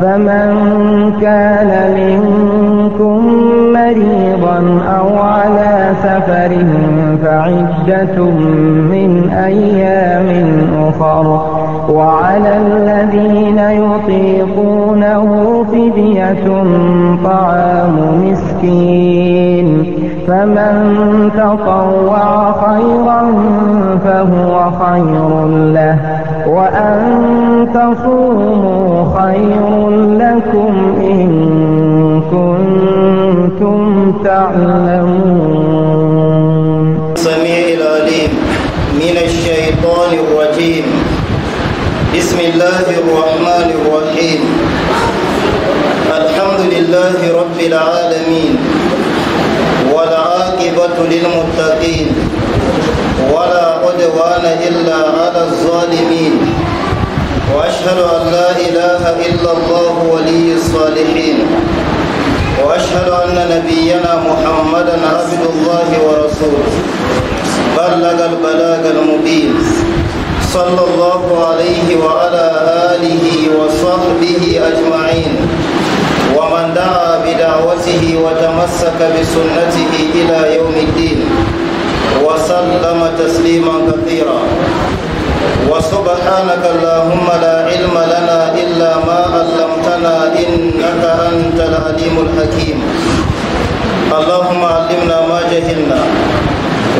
فمن كان منكم مريضا أو على سفر فعدة من أيام أخر وعلى الذين يطيقونه فدية طعام مسكين فمن تطوع خيرا فهو خير له وأن تصوموا خير لكم إن كنتم تعلمون سميع العليم من الشيطان الرجيم بسم الله الرحمن الرحيم الحمد لله رب العالمين للمتقين ولا عدوان إلا على الظالمين وأشهد أن لا إله إلا الله ولي الصالحين وأشهد أن نبينا محمدا عبد الله ورسوله بلغ البلاغ المبين صلى الله عليه وعلى آله وصحبه أجمعين ومن دعا بدعوته وتمسك بسنته إلى يوم الدين وسلم تسليما كثيرا وسبحانك اللهم لا علم لنا إلا ما علمتنا إنك أنت العليم الحكيم اللهم علمنا ما جهلنا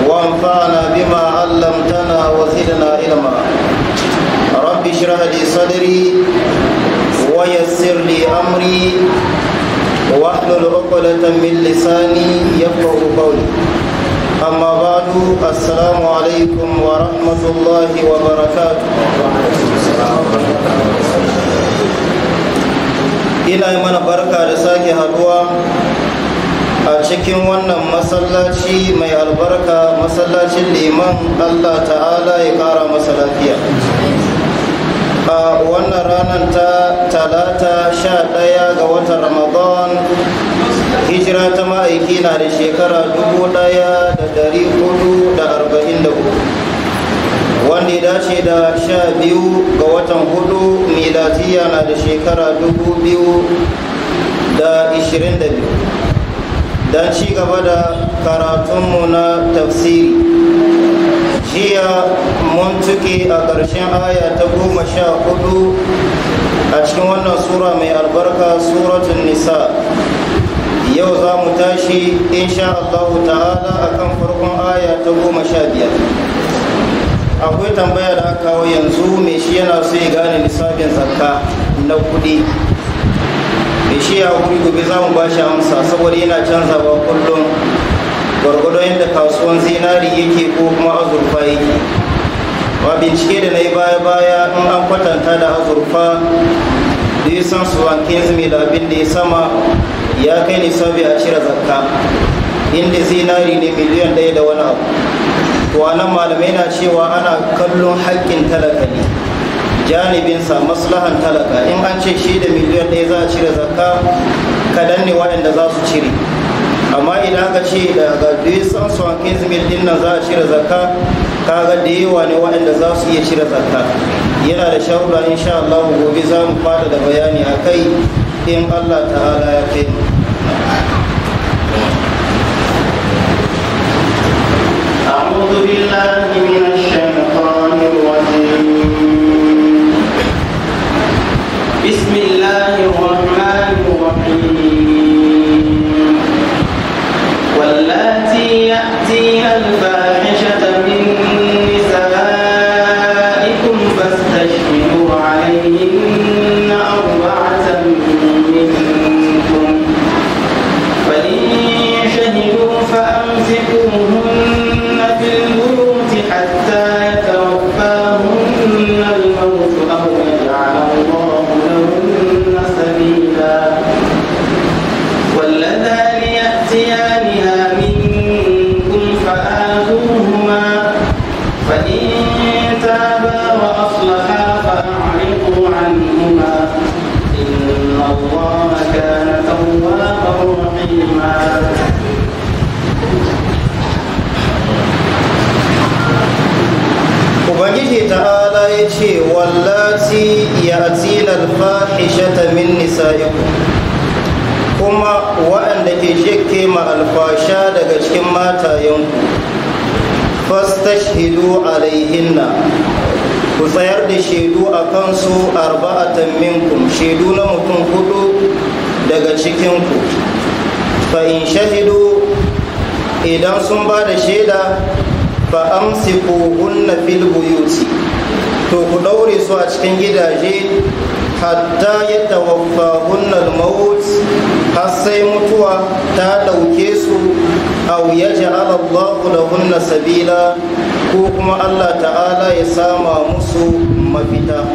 وانفعنا بما علمتنا وزدنا علما رب اشرح لي صدري ويسر لي امري واحلل عقدة من لساني يفقه قولي أما بعد السلام عليكم ورحمة الله وبركاته ina yi mana barka da sake haduwa a cikin wannan masallaci mai albarka masallacin liman allah ta'ala ya kara masa lafiya a wannan ranar ta talata sha ɗaya ga watan ramadan hijira ta ma'aiki na da shekara dubu ɗaya da dari hudu da arba'in da hudu wanda ya dace da sha biyu ga watan hudu miladiya na da shekara dubu biyu da ishirin da biyu don ci gaba da karatunmu na tafsiri jiya mun tuke a ƙarshen aya ta goma sha hudu a cikin wannan sura mai albarka suratun nisa yau za mu tashi insha Allah ta'ala kan farkon aya ta goma sha biyar akwai tambaya da aka kawo yanzu mai shi yana so ya gane lissafin zakka na kuɗi ce ya gobe za mu bashi amsa saboda yana canzawa kullum gwargwado yadda kasuwan zinari yake ko kuma azurfa yake ba bincike da na yi baya baya in an kwatanta da azurfa da yi san su an da abin da ya sama ya kai nisabi a cire zakka inda zinari ne miliyan ɗaya da wani abu to nan malamai na cewa ana kallon haƙƙin talaka ne janibinsa maslahan talaka in an ce shi da miliyan ɗaya za a cire zakka kadan ne waɗanda za su cire amma idan aka ce daga dusan son kizmil din nan za a cire zakka kaga da yawa ne waɗanda za su iya cire zakka yana da sharuɗa insha Allah gobe za mu fada da bayani a kai in Allah ta'ala ya kai أعوذ بالله من الشيطان بسم الله الرحمن ubangiji ta'ala ya ce wallati ya atilal fahishata min nisa'ikum kuma waɗanda ke shekke ma alfasha daga cikin matayenku fastashhidu alaihinna ku tsayar da shaidu a kansu arba'atan minkum shaidu na mutum hudu daga cikinku fa in shahidu idan sun ba da shaida fa amsikuhunna fil buyuti to ku daure su a cikin gidaje hatta ya tawaffahunna al-maut har sai mutuwa ta dauke su aw yaj'al Allahu lahunna sabila ko kuma Allah ta'ala ya sama musu mafita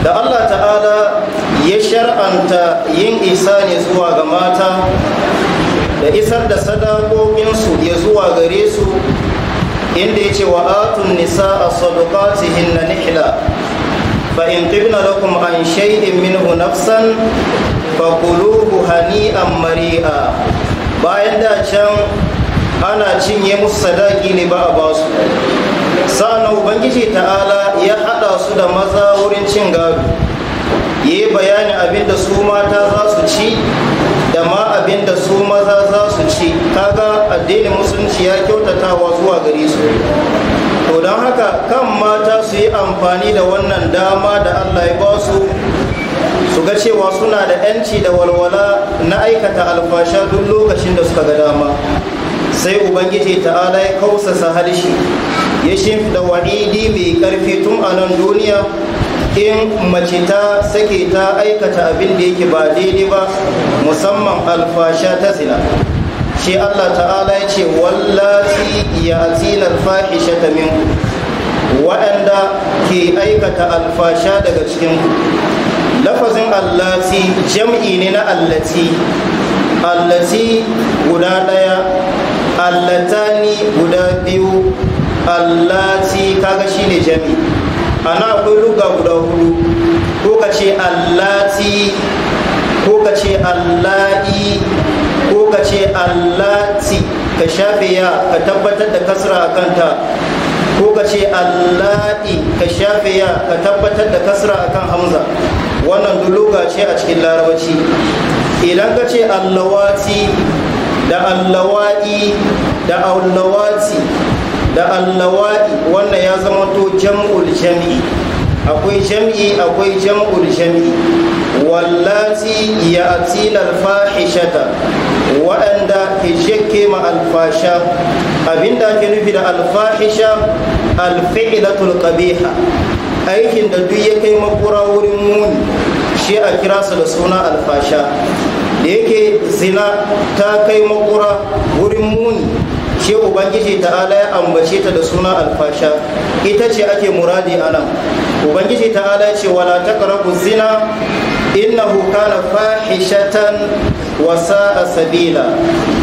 da Allah ta'ala ya shar'anta yin isa ne zuwa ga mata da isar da sadakokinsu ya zuwa gare su inda ya ce wa atun nisa a sadukatihin na nihila fa in tibna kuma an shaidin minhu nafsan fa kuluhu hani'an mari'a bayan da can ana cinye musu sadaki ne ba a basu sa'an ubangiji ta'ala ya hada su da maza wurin cin gado ya yi bayanin abin da su mata za su ci da ma abin da su maza za su ci kaga addinin musulunci ya kyautatawa zuwa gare su to don haka kan mata su yi amfani da wannan dama da allah ya ba su su ga cewa suna da 'yanci da walwala na aikata alfasha duk lokacin da suka ga dama sai ubangiji ta'ala ya kausasa harshe ya shimfi da wa'idi mai karfi tun a nan duniya in mace ta sake ta aikata abin da yake ba daidai ba musamman alfasha ta zina shi Allah ta'ala ya ce wallati ya atina alfahisha ta min waɗanda ke aikata alfasha daga cikin lafazin allati jam'i ne na allati allati guda ɗaya allatani guda biyu allati kaga shine jam'i ana akwai ruga guda hudu ko ka ce allati ko ka ce alla'i ko ka ce allati ka shafe ya ka tabbatar da kasra a kanta ko ka ce alla'i ka shafe ya ka tabbatar da kasra a kan hamza wannan duluga ce a cikin larabaci idan ka ce allawati da allawa'i da allawati da allawa'i wannan ya zama to jam'ul jam'i akwai jam'i akwai jam'ul jam'i wallati ya atina alfahishata waɗanda ke ma alfasha abinda ke nufi da alfahisha alfi'ilatul qabiha aikin da duk ya kai makura wurin muni shi a kira su da suna alfasha da yake zina ta kai makura wurin muni sai ubangiji ta'ala ya ambace ta da suna alfasha ita ce ake muradi anan ubangiji ta'ala ya ce wala taqrabu zina huka na fahishatan wasa a sabila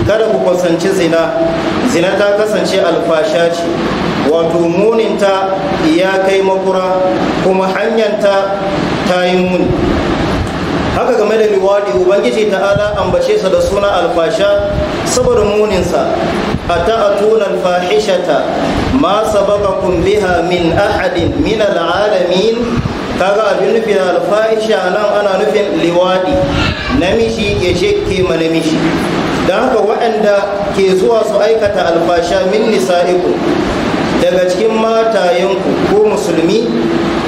kada ku kusanci zina zina ta kasance alfasha ce wato muninta ya kai makura kuma hanyanta ta yi muni haka game da liwadi ubangiji ta'ala ambace sa da suna alfasha saboda muninsa أتأتون الفاحشة ما سبقكم بها من أحد من العالمين kaga abin nufi da alfahisha nan ana nufin liwadi namiji ya ke ma namiji don haka waɗanda ke zuwa su aikata alfasha min nisa'iku daga cikin matayenku ko musulmi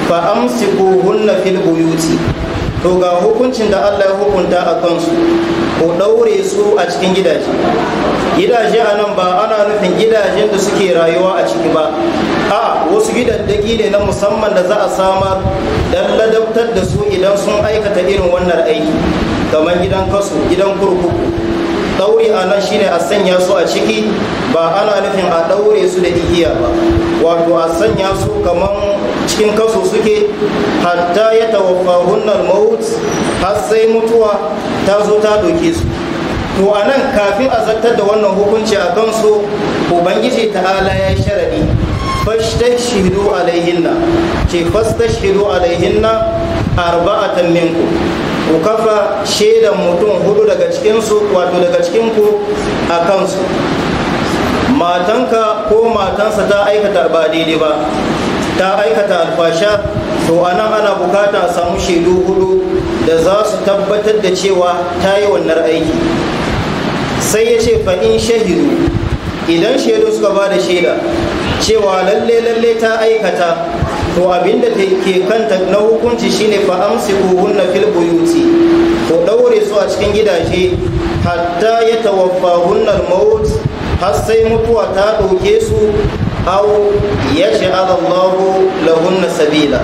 fa amsiku hunna fil buyuti to ga hukuncin da Allah ya hukunta a kansu ko ɗaure su a cikin gidaje gidaje a nan ba ana nufin gidajen da suke rayuwa a ciki ba a wasu gidaddaki ne na musamman da za a samar don ladabtar da su idan sun aikata irin wannan aiki kamar gidan kasu gidan kurkuku daure a nan shine a sanya su a ciki ba ana nufin a daure su da igiya ba wato a sanya su kamar cikin kaso suke hatta ya tawaffa hunnar maut har sai mutuwa ta zo ta doke su to a nan kafin a zartar da wannan hukunci a kan kansu ubangiji ala ya sharaɗi fashtashhidu alaihinna ce fashtashhidu alaihinna arba'atan minku ku kafa shaidan mutum hudu daga cikinsu wato daga cikinku a kansu matanka ko matansa ta aikata ba daidai ba ta aikata alfasha to anan ana bukata a samu shaidu hudu da za su tabbatar da cewa ta yi wannan aiki sai ya ce fa'in shahidu idan shaidu suka ba da shaida cewa lalle lalle ta aikata to abinda ke kanta na hukunci shine fa kuhun na filbuyuti ko daure su a cikin gidaje hatta ya tawaffahunna al-maut har sai mutuwa ta dauke su aw yaj'al Allahu lahunna sabila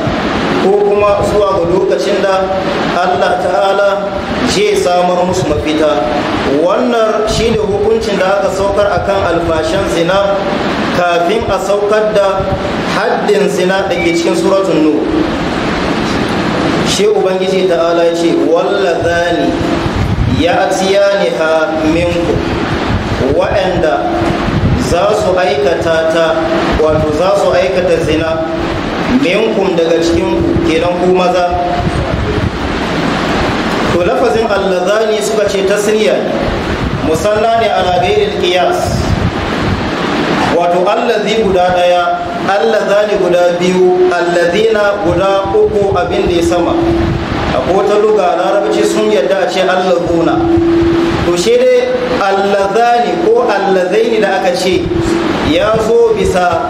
ko kuma zuwa ga lokacin da allah ta'ala zai samar musu mafita wannan shi ne hukuncin da aka saukar a kan alfashin zina kafin a saukar da haddin zina da ke cikin suratun nu shi ubangiji ta'ala ya ce wallazani ya ne ha minku wa'anda za su aikata ta wato za su aikata zina minkum daga cikin kenan ku maza to lafazin allazani suka ce tasniya musalla ne ala gairil qiyas wato allazi guda daya allazani guda biyu allazina guda uku abin da ya sama a kota luga larabci sun yadda a ce allazuna to shi dai allazani ko allazaini da aka ce ya zo bisa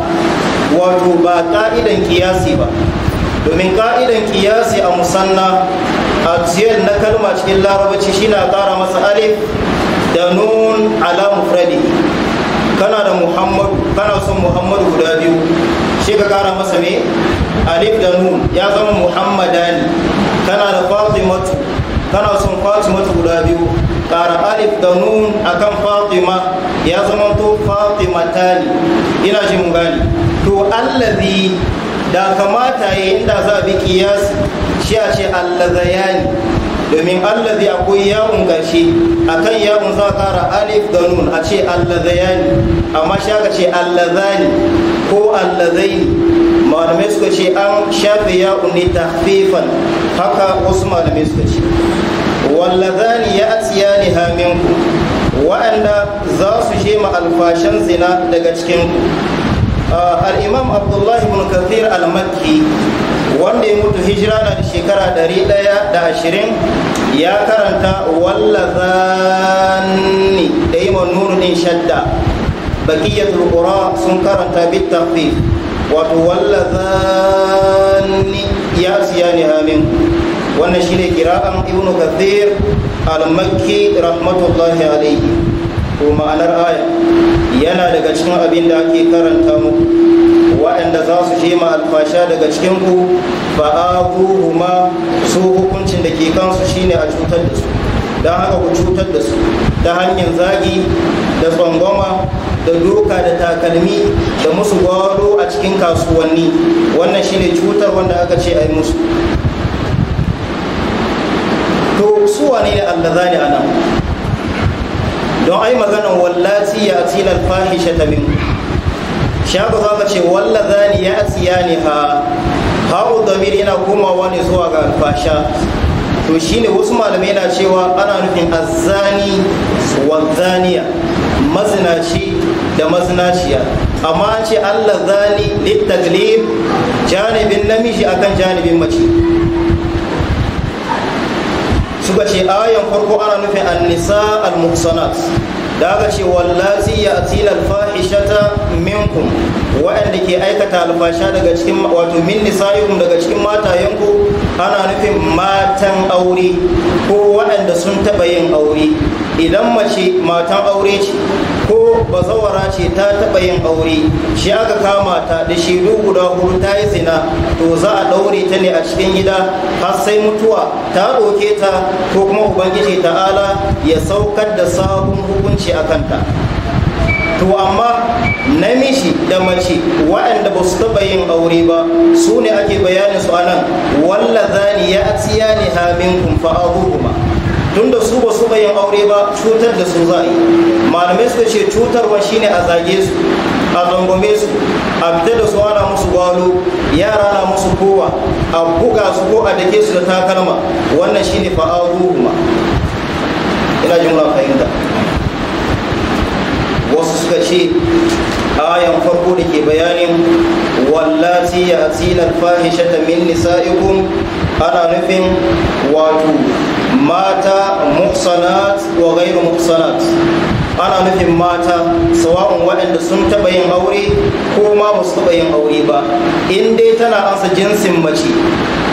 wato ba ka'idan kiyasi ba domin ka'idan kiyasi a musanna a ziyar na kalma cikin larabaci shi na ƙara masa alif da nun ala mufradi kana da muhammadu kana son muhammadu guda biyu shi ka ƙara masa ne alif da nun ya zama muhammadani kana da fatimatu kana son fatimatu guda biyu ƙara alif da nun akan fatima ya zama to fatimatani ina ji mun gani to allazi da kamata ya inda za bi kiyasi shi a ce allazayani domin allazi akwai yawon gashi akan yawon za ƙara alif da nun a ce allazayani amma shi aka ce allazani ko allazaini malamai suka ce an shafi yawon ne tahfifan haka wasu malamai suka ce wallazani ya atsiya ne haminku waɗanda za su je ma alfashan zina daga cikin ah, al'imam abdullahi bin kathir al-makki wanda ya mutu hijira na shekara 120 ya karanta wallazanni da yi nunu din shadda bakiyatul qura sun karanta bit tafif wato wallazanni ya siya ne aminku. wannan shi shine kira'an ibnu kathir al-makki rahmatullahi alayhi ko ma'anar aya yana daga cikin abin da ake karanta mu waɗanda za su je ma alfasha daga cikin ku ba ma su hukuncin da ke kansu shine a cutar da su don haka ku cutar da su ta hanyar zagi da tsangwama da doka da takalmi da musu gwaro a cikin kasuwanni wannan shine cutar wanda aka ce a yi musu to su wane za ni anan don ai maganin wallati ya atina alfahisha ta min shago za ka ce walla wallazani ya ya ne ha haɗu damir yana komawa ne zuwa ga alfasha to shi ne wasu malamai na cewa ana nufin azzani wazaniya mazinaci da mazinaciya amma an ce allah zani littaglib janibin namiji akan janibin mace suka ce ayan farko ana nufin annisa al-muhsanat da aka ce wallazi ya atina fahishata minkum wa'anda ke aikata alfasha daga cikin wato min nisa'ikum daga cikin matayenku ana nufin matan aure ko wa'anda sun taɓa yin aure idan mace matan aure ce ko bazawara ce ta taɓa yin aure shi aka kama ta da shedu guda hudu ta yi zina to za a ɗaure ta ne a cikin gida har sai mutuwa ta ɗauke ta ko kuma ubangiji ta'ala ya saukar da sabon hukunci a kanta to amma namiji da mace waɗanda ba su taɓa yin aure ba su ne ake bayanin su anan walla zani ya tsiya ni hamin kun tun da su ba su bayan aure ba cutar da su za yi malamai suka ce cutarwa shine a zage su a zangome su a fita da su ana musu gwalo yara na musu kowa a buga su ko a dake su da takalma wannan shine fa'aruhuma ina jin muna fahimta wasu suka ce ayan farko da ke bayanin wallati ya tsinar fahishata min nisaikum ana nufin wato mata muhsanat wa gairu muhsanat ana nufin mata sawa'un waɗanda sun taɓa yin aure ko ma ba su taɓa yin aure ba in dai tana ansa jinsin mace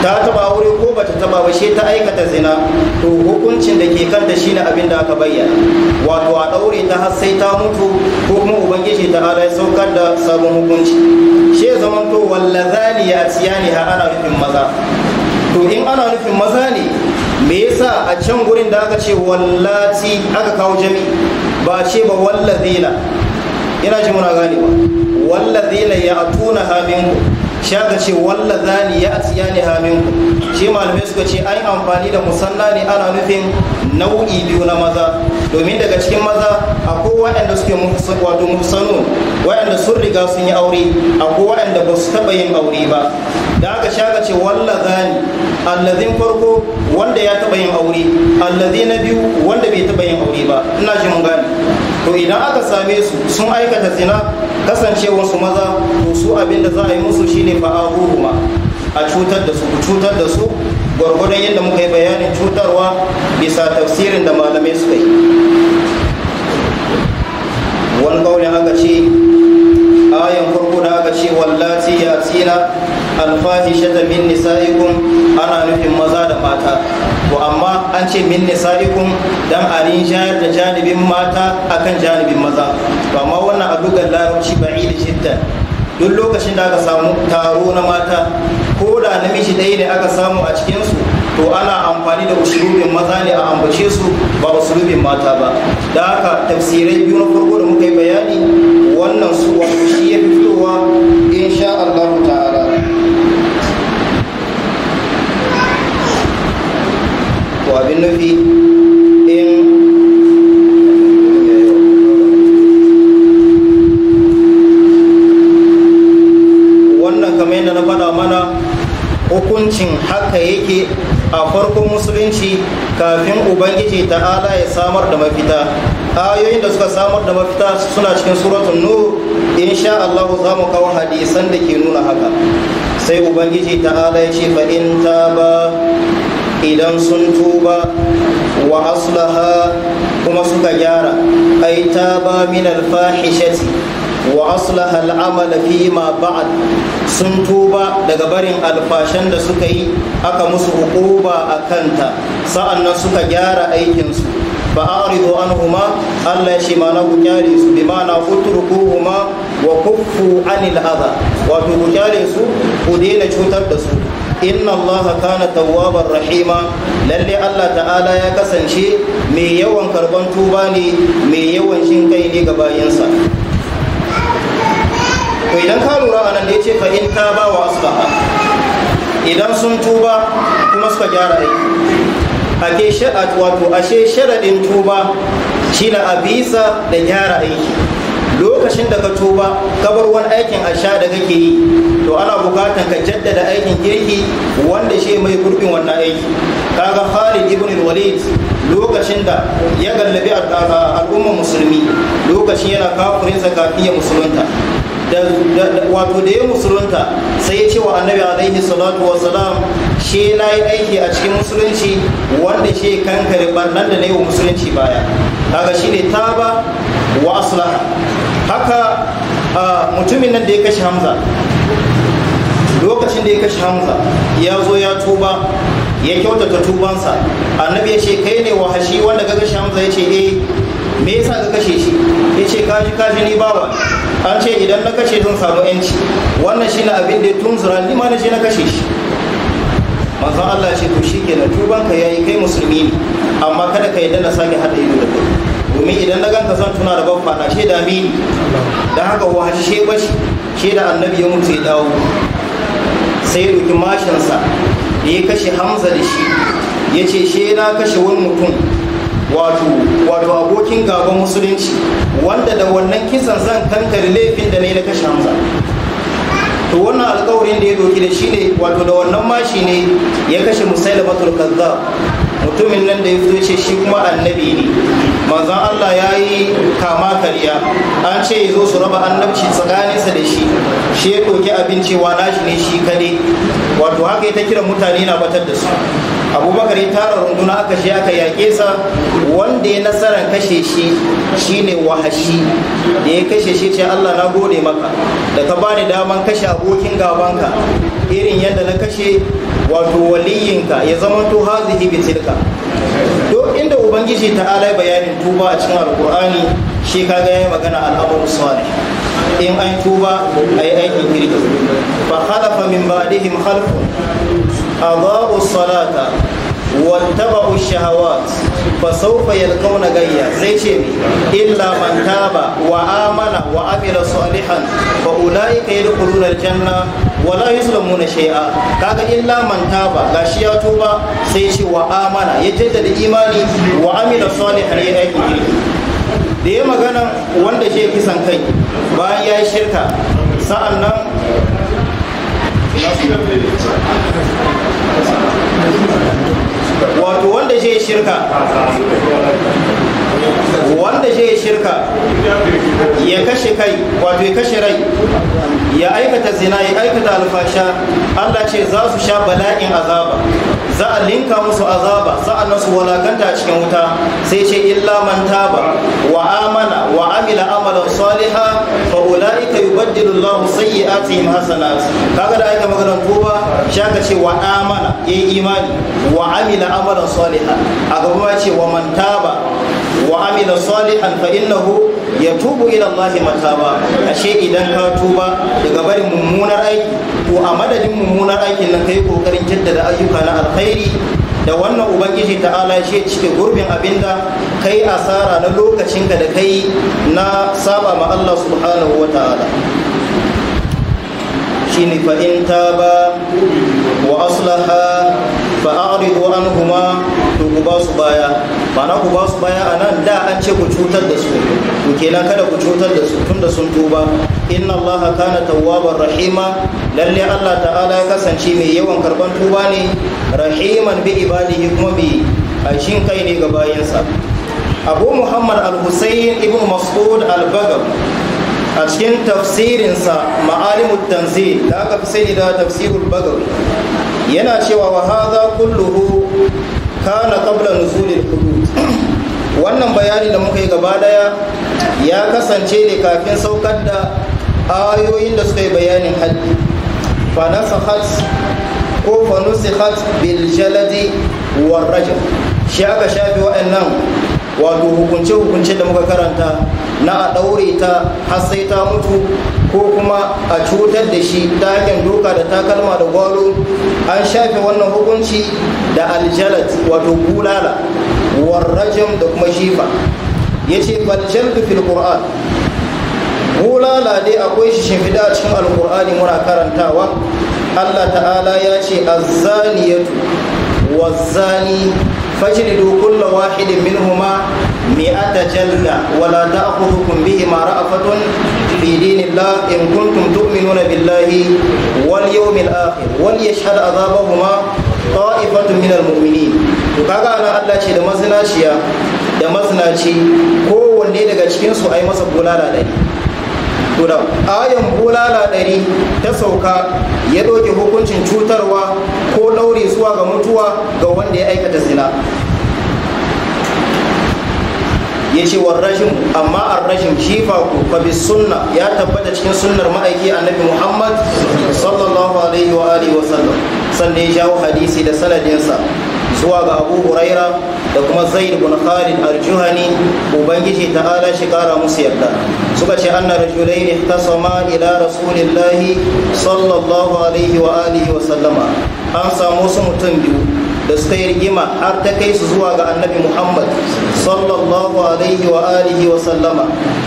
ta taɓa aure ko ba ta taɓa ba she ta aikata zina to hukuncin da ke kanta shine abin da aka bayyana wato a ɗaure ta har sai ta mutu ko kuma ubangiji ta ala ya saukar da sabon hukunci she zamanto ne ya ha ana nufin maza to in ana nufin maza ne me yasa a can gurin da aka ce wallati aka kawo jami ba ce ba wallazina ina ji muna gane ba wallazina ya atuna haminku shi ce walla zani ya atiya ne hamin shi malamai suka ce ai amfani da musanna ne ana nufin nau'i biyu na maza domin daga cikin maza akwai waɗanda suke wato muhsanu waɗanda sun riga sun yi aure akwai waɗanda ba su taɓa yin aure ba da aka shaka ce walla zani allazin farko wanda ya taɓa yin aure allazi na biyu wanda bai taɓa yin aure ba ina jin mun to idan aka same su sun aikata zina kasancewar su maza to su abin da za a yi musu shine fa a cutar da su ku cutar da su gwargwadon yadda muka yi bayanin cutarwa bisa tafsirin da malamai suka yi wani kaulin aka ce ayan saboda aka ce wallati ya tsina alfahishata min nisa'ikum ana nufin maza da mata to amma an ce min nisa'ikum dan a rinjayar da janibin mata akan janibin maza to amma wannan a lugar larabci da shidda duk lokacin da aka samu taro na mata ko da namiji ɗaya ne aka samu a cikinsu to ana amfani da usulubin maza ne a ambace su ba usulubin mata ba da haka tafsirai biyu na farko da muka yi bayani wannan su wato shi ya fi ruwa insha Allah ta'ala to abin nufi in wannan kamar yadda na faɗa mana hukuncin haka yake a farkon musulunci kafin ubangiji ta'ala ya samar da mafita ayoyin da suka samar da mafita suna cikin suratun nur insha Allah za mu kawo hadisan da ke nuna haka sai ubangiji ta'ala ya ce fa in ba idan sun tuba wa aslaha kuma suka gyara ai ta ba min alfahishati wa aslaha al'amala fi ma ba'ad sun tuba daga barin alfashan da suka yi aka musu hukuba a kanta sa'annan suka gyara aikinsu ba a ari an huma allah ya shi ma na kunya da su na futur ku wa kufu an il aza wato kunya ku daina cutar da su inna allah ka na tawabar rahima lalle allah ta'ala ya kasance mai yawan karban tuba ne mai yawan shin ne ga bayansa ko idan ka lura a nan da ya ce fa ba wa asuka idan sun tuba kuma suka gyara aiki ake wato ashe sharaɗin tuba shine a bisa da gyara aiki lokacin da ka tuba bar wani aikin asha da kake yi to ana bukatan ka jaddada aikin kirki wanda shi mai gurbin wannan aiki kaga Khalid ibn Walid lokacin da ya gallabi al'ummar musulmi lokacin yana kafirin zakatiyya musulunta wato da ya musulunta sai ya ce wa annabi alaihi salatu wa salam shi na yi aiki a cikin musulunci wanda shi kankare barnan da na yi wa musulunci baya kaga shi ne ba wa asula haka mutumin nan da ya kashe hamza lokacin da ya kashe hamza ya zo ya tuba ya kyautata tubansa annabi ya ce kai ne wa hashi wanda ka kashe hamza ya ce eh me yasa ka kashe shi ya ce kaji kaji ni bawa an ce idan na kashe zan samu yanci wannan shi na abin da ya tunzura ni ma na na kashe shi manzon Allah ce to shi ke na tuban ka yayi kai musulmi ne amma kada ka yadda na sake haɗa ido da kai domin idan na ganka zan tuna da babba na shaida mi da haka wahashi shi shi shaida annabi ya mutu ya dawo sai ya mashinsa da ya kashe hamza da shi ya ce na kashe wani mutum wato abokin gaban musulunci wanda da wannan kisan zan kankare laifin da ne na kashe hamza to wannan alkawarin da ya doki da shi ne wato da wannan mashi ne ya kashe musailamatul kazzab mutumin nan da ya fito ce shi kuma annabi ne Manzan Allah ya yi kama karya an ce ya zo su raba annabci tsakaninsa da shi shi ya ɗauki abin cewa nashi ne shi kane wato haka ya ta kiran mutane na batar da su abubakar ya tara runduna aka shi aka yaƙe sa wanda ya nasarar kashe shi shi ne wahashi da ya kashe shi ce Allah na gode maka da ka bani daman kashe abokin gabanka irin yadda na kashe wato waliyinka ya zama to hazihi bitilka inda ubangiji ta alai bayanin tuba a cikin alkur'ani shi ga yayi magana al'amuru salih in an tuba a yi aikin kirki fa khalafa min ba'dihim khalfu adaa'u salata taba'u shahawat fa sawfa yalqawna gayya sai ce illa man taba wa amana wa amila salihan fa ulaika yadkhuluna aljanna wala na shai'a kaga illa ba ga gashi ya tuba sai ce wa amana ya jaddada imani wa amila salihan ya aiki da ya magana wanda fi kisan kai bayan ya yi shirka sa'an nan wato wanda ya shirka wanda zai ya shirka ya kashe kai wato ya kashe rai ya aikata zina ya aikata alfasha Allah ce za su sha bala'in azaba za a linka musu azaba za a su walakanta a cikin wuta sai ce illa man taba wa amana wa amila amalan saliha fa ulaika yubaddilu Allah sayyi'atihim hasanat kaga da aika maganar Sha shaka ce wa amana yayi imani wa amila amalan saliha a gaba ce wa man taba wa amila salihan fa innahu yatubu ila Allah mataba ashe idan ka tuba daga barin mummunar aiki to a madadin mummunar aikin nan kai kokarin jaddada ayyuka na alkhairi da wannan ubangiji ta'ala shi cike gurbin abinda kai asara na lokacinka da kai na saba ma Allah subhanahu wa ta'ala shine fa in taba wa aslaha fa'aridu anhuma to ku ba su baya bana ku ba su baya da an ce ku cutar da su to kenan kada ku cutar da su da sun tuba inna allaha kana tawwaban rahima lalle allah ta'ala ya kasance mai yawan karban tuba ne rahiman bi ibadihi kuma bi shin kai ne ga bayansa abu muhammad al-husayn ibn mas'ud al-bagab a cikin tafsirinsa ma'alimu tanzil da aka fi sai da tafsirul bagawi yana cewa wa haza kulluhu kana qabla nuzulil hudud wannan bayani da muka yi gaba daya ya kasance ne kafin saukar da ayoyin da suka yi bayanin haddi fa nasakhat ko fa nusikhat bil jaladi war rajul shi aka shafi wa'annan wato hukunce hukunce da muka karanta na a daure ta har sai ta mutu ko kuma a cutar da shi ta hanyar doka da takalma da gwaro an shafe wannan hukunci da aljalat wato bulala warrajam da kuma shifa ya ce faljaldu fil qur'an bulala dai akwai shi shimfida a cikin alkur'ani muna karantawa allah ta'ala ya ce azzaniyatu wazzani fajridu kulla wahidin minhuma مئة جلدة ولا تأخذكم بهما رأفة في دين الله إن كنتم تؤمنون بالله واليوم الآخر وليشهد عذابهما طائفة من المؤمنين وكذا أنا الله شيء دمزنا شيا دمزنا شيء كو ولي دقا شكين سو أي مصب ولا لا to ayan bulala ɗari ta sauka ya ɗauke hukuncin cutarwa ko ɗaure zuwa ga mutuwa ga wanda ya aikata zina ya ce rashin amma an rajim shi faku fa sunna ya tabbata cikin sunnar ma'aiki annabi muhammad sallallahu alaihi wa alihi sannan ya jawo hadisi da sanadinsa zuwa ga abu huraira da kuma zaid bin khalid al ubangiji ta ala shi kara musu yarda suka ce anna rajulain ihtasama ila rasulillahi sallallahu alaihi wa alihi wa sallama an samu su mutum biyu da suka yi rigima har ta kai su zuwa ga annabi muhammad sallallahu alaihi wa alihi wa sallama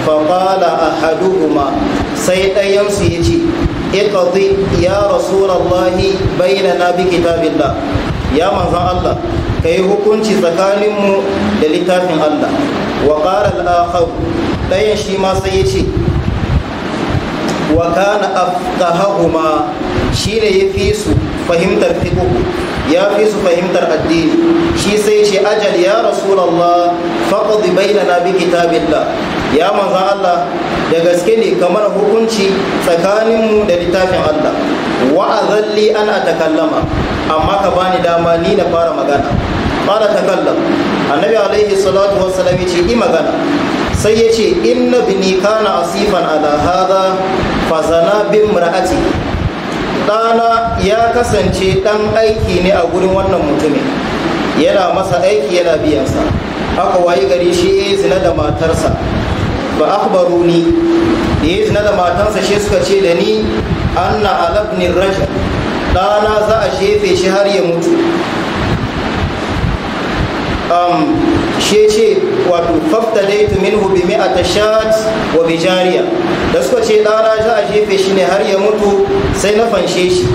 faƙala ahaduhuma sai su ya ce iqdi ya rasulallahi bainana bi kitabillah ya manzan allah ka yi hukunci tsakaninmu da littafin allah wa ƙara al'akhar ɗayan shi ma sai ya ce wa kana afqahahuma shine yafi su fahimtar fiqhu ya fi su fahimtar addini shi sai ce ajal ya rasulullah faqdi bainana bi kitabillah ya manza Allah da gaske ne kamar hukunci tsakaninmu da littafin Allah wa'azalli ana atakallama amma ka bani dama ni na fara magana fara takallam annabi alaihi salatu wassalam ce yi magana sai yace inna bini kana asifan ala hadha fa zana bin imraati Ɗana ya kasance ɗan aiki ne a gurin wannan mutumin yana masa aiki yana biyansa aka wayi gari shi ya zina da matarsa ba akhbaru ni da ya zina da matarsa shi suka ce da ni anna alabnin rasha, ɗana za a shefe shi har ya mutu shi ce wato fafta daitu minhu bi mi'ata shat wa bi jariya da suka ce ɗana za a jefe shi ne har ya mutu sai na fanshe shi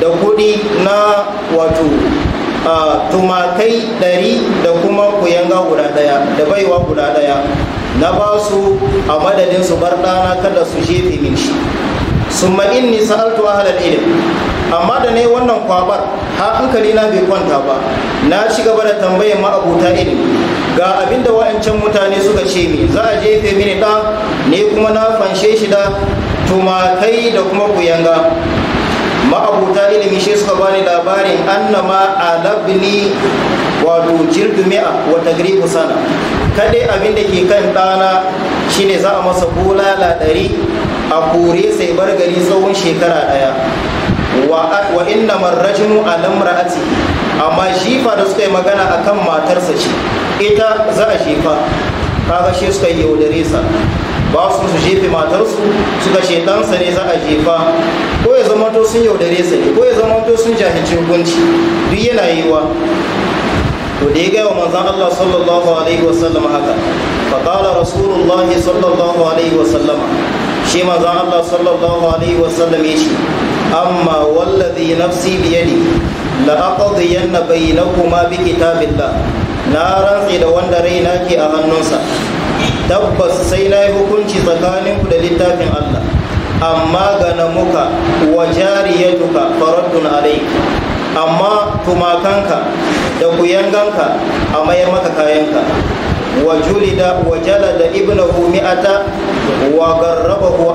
da kuɗi na wato tumakai ɗari da kuma kuyanga guda ɗaya da baiwa guda ɗaya na ba su a madadin su bar ɗana kada su jefe min shi summa inni sa'altu ahlal ilm amma da ne wannan kwabar haɗin hankali na bai kwanta ba na ci gaba da tambayar ma'abuta ilimi ga abin da wa'ancan mutane suka ce mi za a jefe mini ɗa ne kuma na fanshe shi da tumatai da kuma kuyanga ma'abuta ilimi shi suka bani labarin annama alabni wato jirgin mi'a wata gribu sana kadai abin da ke kan ɗana shine za a masa bulala ɗari a kore sai bar gari tsawon shekara ɗaya wa inna marrajinu a lamra'ati amma shi da suka yi magana akan matarsa ce ita za a shefa kaga shi suka yi yaudare sa ba su su jefe matarsu suka ce ɗansa ne za a jefa ko ya zama to sun yaudare sa ne ko ya zama to sun jahilci hukunci duk yana wa to da ya gaya wa manzan Allah sallallahu alaihi sallam haka faƙala rasulullahi sallallahu alaihi sallam shi manzan Allah sallallahu alaihi sallam ya ce amma wallazi nafsi biyadi la aqdiyanna bainakuma bi kitabillah na rantse da wanda raina ke a hannunsa tabbas sai na yi hukunci tsakaninku da littafin Allah amma gana muka, wa jariyatuka faraddun alaik amma tumakanka da kuyanganka a maye maka kayanka wa julida wa jalada ibnahu mi'ata wa garrabahu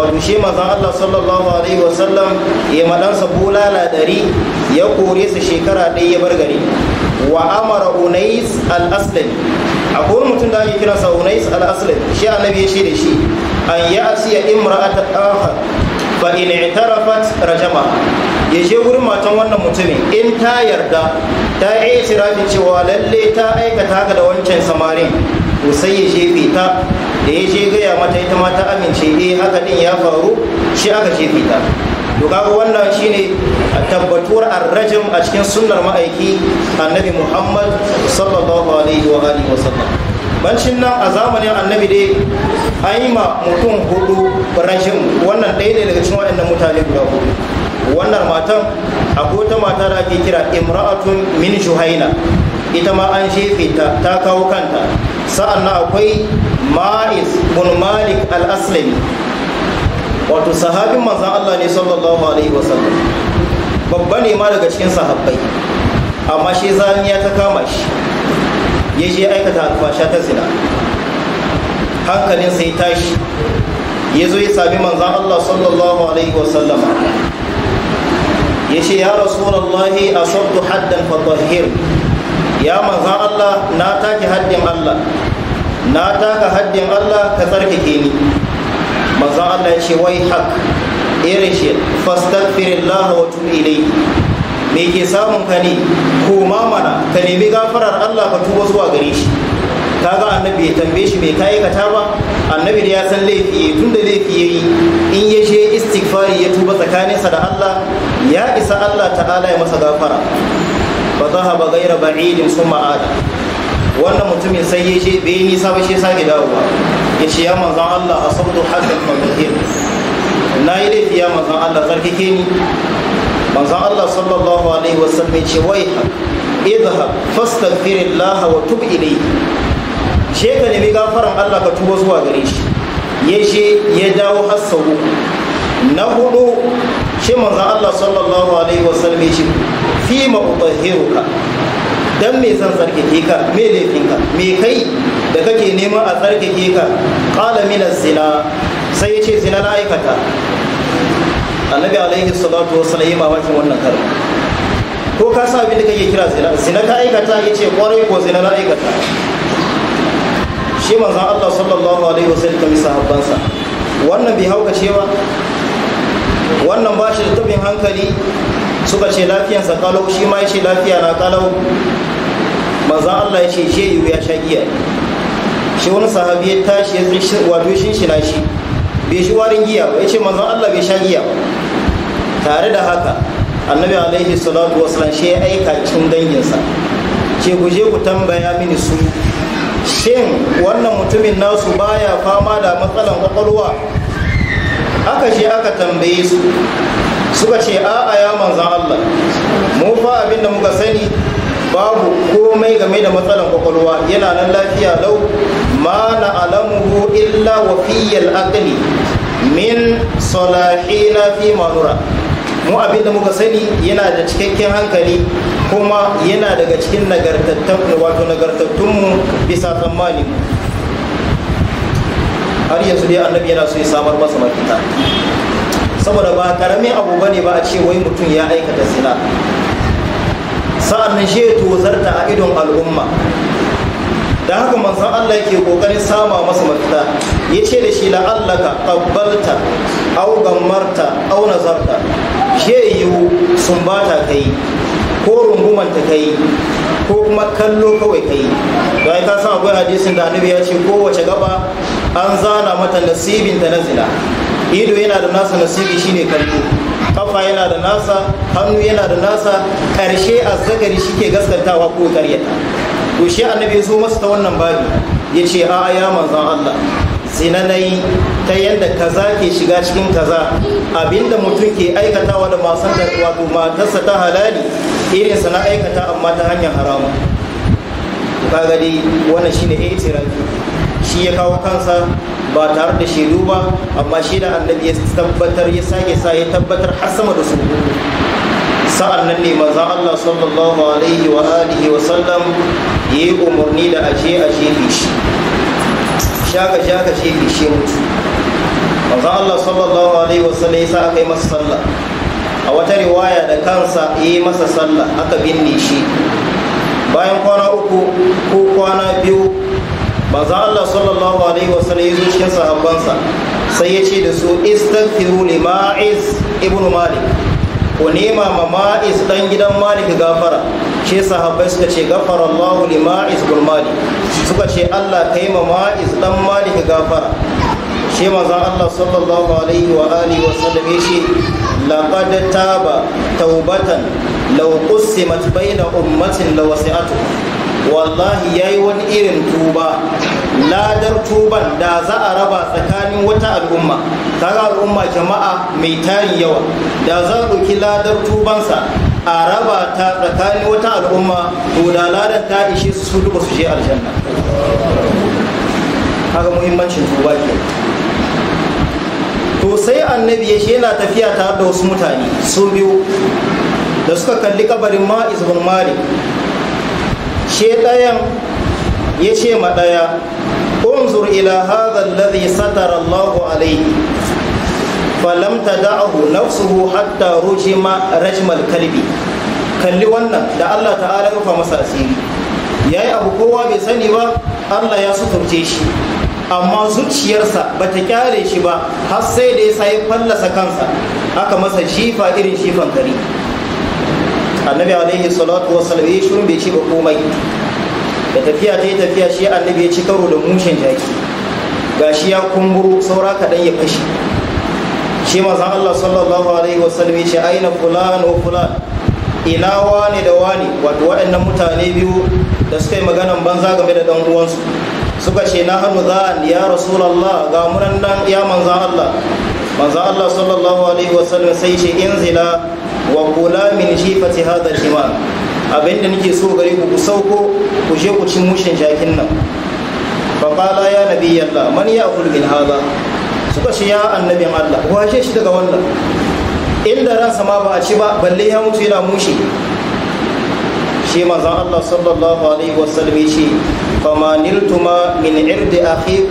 wato shi mazan Allah sallallahu alaihi wasallam ya madansa bulala ɗari ya kore su shekara ɗaya ya bar gari wa amara unais al-aslami akwai mutum da ake sa unais al-aslami shi annabi ya shi da shi an ya asiya imra'ata akhar fa in i'tarafat rajama ya je wurin matan wannan mutumin in ta yarda ta yi itirafin cewa lalle ta aikata ga da wancan samarin to sai ya jefe ta da ya je gaya mata ita ma ta amince eh haka din ya faru shi aka ce fita to kaga wannan shine tabbatuwar arrajim a cikin sunnar ma'aiki annabi muhammad sallallahu alaihi wa alihi wa sallam bancin nan a zamanin annabi dai an yi ma mutum hudu rajim wannan ɗaya ne daga cikin waɗannan mutane guda hudu wannan matan akwai wata mata da ake kira imra'atun min juhaina ita ma an jefe ta ta kawo kanta sa'an na akwai ma'is bin malik al-aslami wato sahabin manzan Allah ne sallallahu alaihi wasallam babba ne ma daga cikin sahabbai amma shi zaniya ta kama shi ya je aikata alfasha ta zina hankalinsa ya tashi ya zo ya sami manzan Allah sallallahu alaihi wasallama ya ce ya rasu wani a sabtu haddan fatahir ya manzan Allah na take haddin Allah na taka haddin Allah ka tsarkake ni manzan Allah ya ce wai hak irin shi wa tub ilayhi me ke samun ka ne ko Mamana, ka nemi gafarar Allah ka tuba zuwa gare shi ga annabi ya tambaye shi mai kai kata ba annabi da ya san laifi tun da laifi yayi in ya je istighfari ya tuba tsakaninsa da Allah ya isa Allah ta'ala ya masa gafara ba za ba gaira ilin sun ma'ada wannan mutumin sai ya ce bai nisa ba shi sake dawowa ya ce ya manzan Allah a sautu hajjar fahimtar na yi laifi ya manzan Allah tsarkake ni manzan Allah sallallahu alaihi wasallam ya ce wai idha laha wa tub ilai she ka nemi gafaran Allah ka tuba zuwa gare shi ya shi ya dawo Hassan na hudu shi manzan Allah sallallahu alaihi wasallam ya ce fima ma'utahhiruka dan me zan sarki ka me laifinka me kai da kake nema a sarki ka qala min zina sai yace zina na aikata annabi alaihi salatu wassalam ba wannan karma ko ka sa abin da kake kira zina zina ka aikata yace kwarai ko zina na aikata shi manzon Allah sallallahu alaihi wasallam sahabbansa wannan bai hauka cewa wannan ba shi da tabin hankali suka ce lafiyansa kalau shi ma ya ce lafiya na kalau manzan Allah ya ce shehu ya sha giya shi wani sahabi ya tashi ya wato shin shi shi bai shi warin giya ba ya ce manzan Allah bai sha giya tare da haka annabi alaihi salatu wasalam shi ya aika cikin danginsa ce ku je ku tambaya mini su shin wannan mutumin nasu baya fama da matsalan kwakwalwa aka je aka tambaye su suka ce a'a ya manzan Allah mu fa abinda muka sani babu komai game da matsalan kwakwalwa yana nan lafiya lau ma na alamuhu illa wa fiyal aqli min salahina fi manura mu abinda muka sani yana da cikakken hankali kuma yana daga cikin nagartattun nagartattunmu bisa tsammani har yanzu dai annabi yana so ya samar masa mafita saboda ba karamin abu ba ne ba a ce wai mutum ya aikata zina sa'an nan shi ya tozarta a idon al'umma da haka manzan Allah yake kokarin sama masa mafita ya ce da shi la'allaka ƙabbalta au gammarta au nazarta ya yiwu sumbata ka yi ko rungumanta ka yi ko kuma kallo kawai ka yi da ka sa akwai hadisin da annabi ya ce kowace gaba an zana mata nasibinta na zina ido yana da nasa nasibi shine kallo kafa yana da nasa hannu yana da nasa karshe azzakari shike gaskantawa ko karyata to shi annabi ya zo masa ta wannan babi ya ce a ya manzan Allah zinanai ta yadda kaza ke shiga cikin kaza abinda mutum ke aikatawa da masu da wato matarsa ta halali irinsa na aikata amma ta hanyar haramu kaga dai wannan shine ya shi ya kawo kansa ba tare da shaidu ba amma shi da annabi ya tabbatar ya sake sa ya tabbatar har sama da su sa'an nan ne maza Allah sallallahu alaihi wa alihi wa sallam ya yi umarni da ashe a shefe shi shaka shaka shefe shi mutu maza Allah sallallahu alaihi wa sallam ya sa aka yi masa sallah a wata riwaya da kansa ya yi masa sallah aka binne shi bayan kwana uku ko kwana biyu maza Allah sallallahu alaihi wasallam ya zo cikin sahabbansa sai ya ce da su istaghfiru li ma'iz ibn malik ku nema ma ma'iz dan gidan malik gafara ce sahabbai suka ce gafara Allahu li ma'iz ibn malik suka ce Allah kai ma ma'iz dan malik gafara ce za Allah sallallahu alaihi wa alihi wasallam ya ce laqad taba taubatan law qussimat baina ummatin lawasi'atu wallahi yayi wani irin tuba ladar tuban da za a raba tsakanin wata al'umma kaga al'umma jama'a mai tarin yawa da za a ɗauki ladar tubansa a raba ta tsakanin wata al'umma to da ladar ta ishe su duka su je aljanna haka muhimmancin tuba ke to sai annabi ya shi yana tafiya tare da wasu mutane su biyu da suka kalli kabarin ma'iz bin malik shi ɗayan ya ce ma ɗaya unzur ila hadha alladhi satara Allahu alayhi falam tada'ahu nafsuhu hatta rujima rajmal kalbi kalli wannan da Allah ta'ala ya rufa masa asiri yayi abu kowa bai sani ba Allah ya suturce shi amma zuciyarsa ba ta kyale shi ba har sai da ya sai fallasa kansa aka masa shifa irin shifan A annabi alaihi salatu wasallam ya shirin bai ce ba komai da tafiya ta yi tafiya shi annabi ya ci karo da mushin jaki gashi ya kumburo saura kaɗan ya fashi shi maza Allah sallallahu alaihi wasallam ya ce aina fulan wa fulan ina wani da wani, wato waɗannan mutane biyu da suka yi maganan banza game da ɗan uwansu suka ce na hannu a ya rasulallah ga munan nan ya manza Allah Manza Allah sallallahu alaihi wasallam sai ce zila wa kula min shifati hadha shimal Abin da nake so gare ku ku sauko ku je ku cin mushin jakin nan faƙala ya nabi yalla man ya akul min haza suka shi ya annabin allah washe shi daga wannan inda ransa ma ba a ci ba balle ya mutu yana mushe shi mazan allah sallallahu alaihi wasallam ya ce fama niltuma min irdi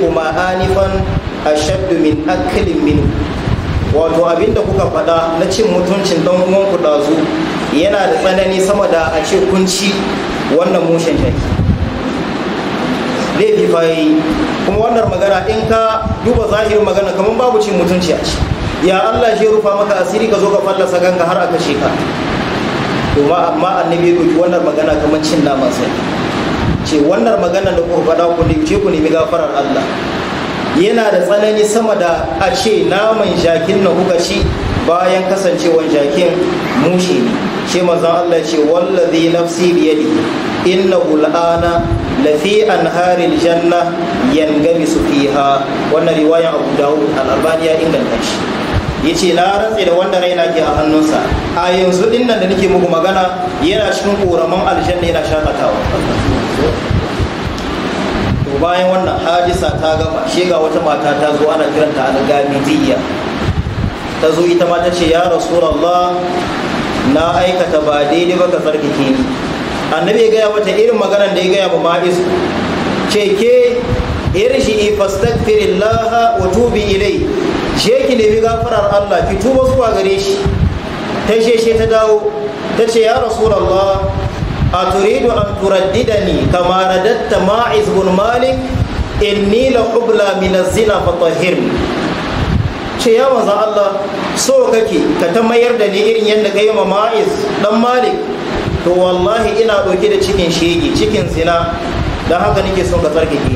kuma anifan ashaddu min akli min wato abinda kuka faɗa na cin mutuncin dan uwanku ɗazu yana da tsanani sama da a ce kunci wannan mushen take Zai fi kuma wannan magana in ka duba zahirin magana kamar babu cin mutunci a ce. ya Allah shi rufa maka asiri ka zo ka fallasa ganga har aka sheka ka kuma amma annabi ya wannan magana kamar cin naman sai ce wannan magana da ku faɗa ku ne ku nemi gafarar Allah yana da tsanani sama da a ce naman jakin na kuka ci bayan kasancewar jakin mushi ne shi mazan Allah ce wallazi nafsi biyadi innahu la'ana lafi harin janna fi fiha wannan riwayan Abu Dawud al inganta shi Ya ce na rantse da wanda raina ke a hannunsa a yanzu dinnan da nake muku magana yana cikin koraman aljanna yana shakatawa bayan wannan hadisa ta gama shi ga wata mata ta zo ana kiranta al-gamidiyya ta zo ita ma ta ce ya rasulallah na aikata ba daidai ba ka tsarkake ni annabi ya gaya mata irin maganan da ya gaya ba ma isu ce ke irshi fastaghfirillah wa tubi ilai je ki nemi gafarar Allah ki tuba zuwa gare shi ta she ta dawo ta ce ya rasulallah a turidu an turaddidani kama radatta ma'iz bin malik inni la qubla min az-zina fatahhirni ce ya manzan Allah so kake ka ta mayar da ni irin yadda ka yi ma ma'iz dan malik to wallahi ina ɗauke da cikin shege cikin zina don haka nake son ka tsarki ni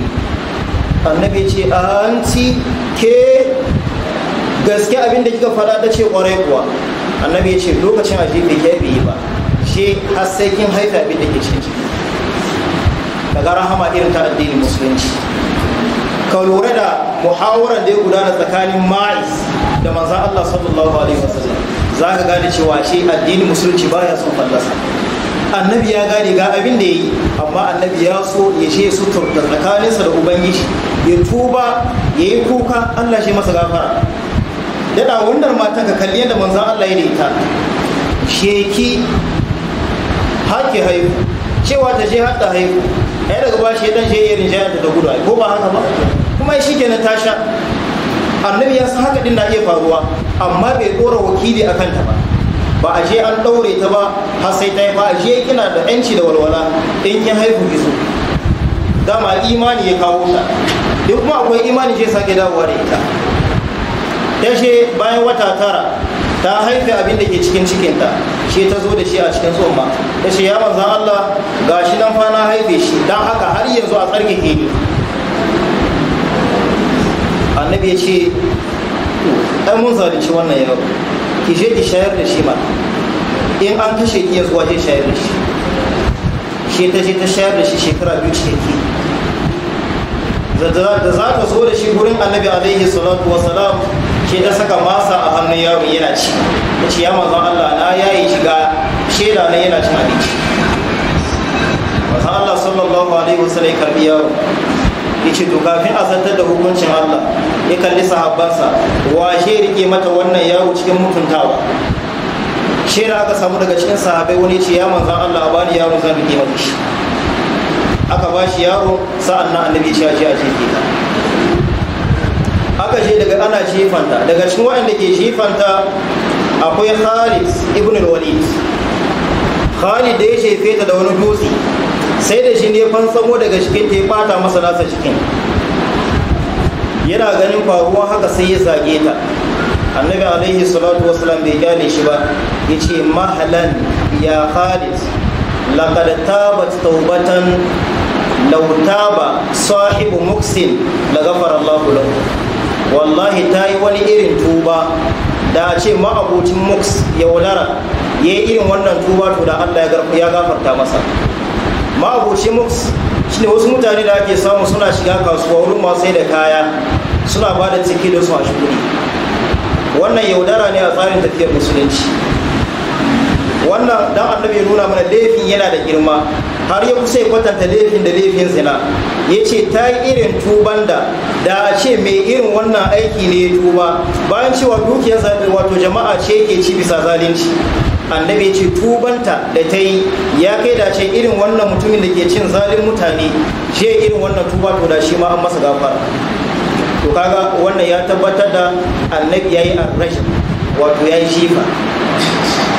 annabi ce a hanci ke gaske abinda kika faɗa ta ce ƙwarai kuwa annabi ya ce lokacin a jefe ke bi ba shi har sai kin haifa abin da ke cikin ciki daga rahama irin ta addinin musulunci ka lura da muhawarar da ya gudana tsakanin ma'is da manzan Allah sallallahu alaihi wasallam za ka gane cewa shi addinin musulunci baya son fallasa annabi ya gane ga abin da ya yi amma annabi ya so ya ce su turta tsakaninsa da ubangiji ya tuba ya yi kuka Allah shi masa gafara daɗa wannan matan ka kalli yadda manzan Allah ya daita sheki hake haihu cewa ta je hadda haihu ɗaya daga ba shi ɗan je ya da gudu ko ba haka ba kuma shi kenan ta sha annabi ya san haka din na iya faruwa amma bai dora wakili a kanta ba ba a je an ɗaure ta ba har sai ta yi ba a je kina da yanci da walwala in ya haihu ki dama imani ya kawo ta in kuma akwai imani je sake dawowa da ita ta ce bayan wata tara ta haife abin da ke cikin cikinta shi ta zo da shi a cikin tsoma ta ce ya manzan Allah ga shi nan fa na haife shi don haka har yanzu a tsarkake ne annabi ya ce ɗan mun zalunci wannan yau ki je ki shayar da shi ma in an kashe ki ya zuwa shayar da shi shi ta je ta shayar da shi shekara biyu ki. da za ta zo da shi gurin annabi alaihi salatu wa salam ke ta saka masa a hannun yaro yana ci ta ce ya mazan allah na yayi shiga shela na yana cin abinci allah sallallahu alaihi wasallam ya karbi yaro yace to kafin a zartar da hukuncin Allah ya kalli sahabbansa washe rike mata wannan yaro cikin mutuntawa shi da aka samu daga cikin sahabai wani ce ya manzan Allah ba ni yaro zan rike mata shi aka ba shi yaro sa'an nan annabi ya ce a jefe ta aka je daga ana jefanta daga cikin waɗanda ke jefanta akwai Khalid ibn al-Walid Khalid da ya jefe ta da wani dutse sai da shi ne samo daga cikin ta ya bata masa nasa cikin yana ganin faruwa haka sai ya zage ta annabi alaihi salatu wasalam bai gane shi ba ya ce mahalan ya khalid laqad tabat taubatan law taba sahibu muksin la ghafara Allahu lahu wallahi tayi wani irin tuba da a ce ma'abocin muks ya wulara yayi irin wannan tuba to da Allah ya gafarta masa ma abocin shi ne wasu mutane da ake samu suna shiga kasuwa wurin masu sai da kaya suna ba da ciki da su a shuguri wannan yaudara ne a tsarin tafiyar musulunci wannan dan annabi nuna mana laifin yana da girma har ya kusa ya kwatanta laifin da laifin zina ya ce ta yi irin tuban da da a ce mai irin wannan aiki ne ya tuba bayan cewa dukiyar wato jama'a ce ke ci bisa zalunci annabi ce tubanta da ta yi ya kai da ce irin wannan mutumin da ke cin zalin mutane je irin wannan tuba to da shi ma an masa gafara to kaga wannan ya tabbatar da annabi ya yayi arrash wato ya yi shifa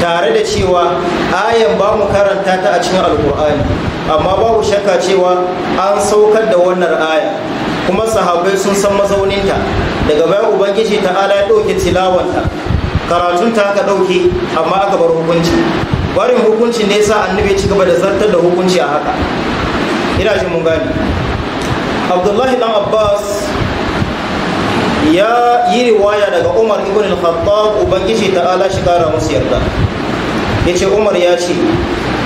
tare da cewa ayan ba mu karanta ta a cikin alkur'ani amma babu shakka cewa an saukar da wannan aya kuma sahabbai sun san mazauninta daga bayan ubangiji ta'ala ya ɗauke tilawanta karatun ta aka ɗauke amma aka bar hukunci barin hukunci ne sa annabi ci gaba da zartar da hukunci a haka ina jin mun gani abdullahi dan abbas ya yi riwaya daga umar ibn al-khattab ubangiji ala shi kara musu yarda yace umar ya ce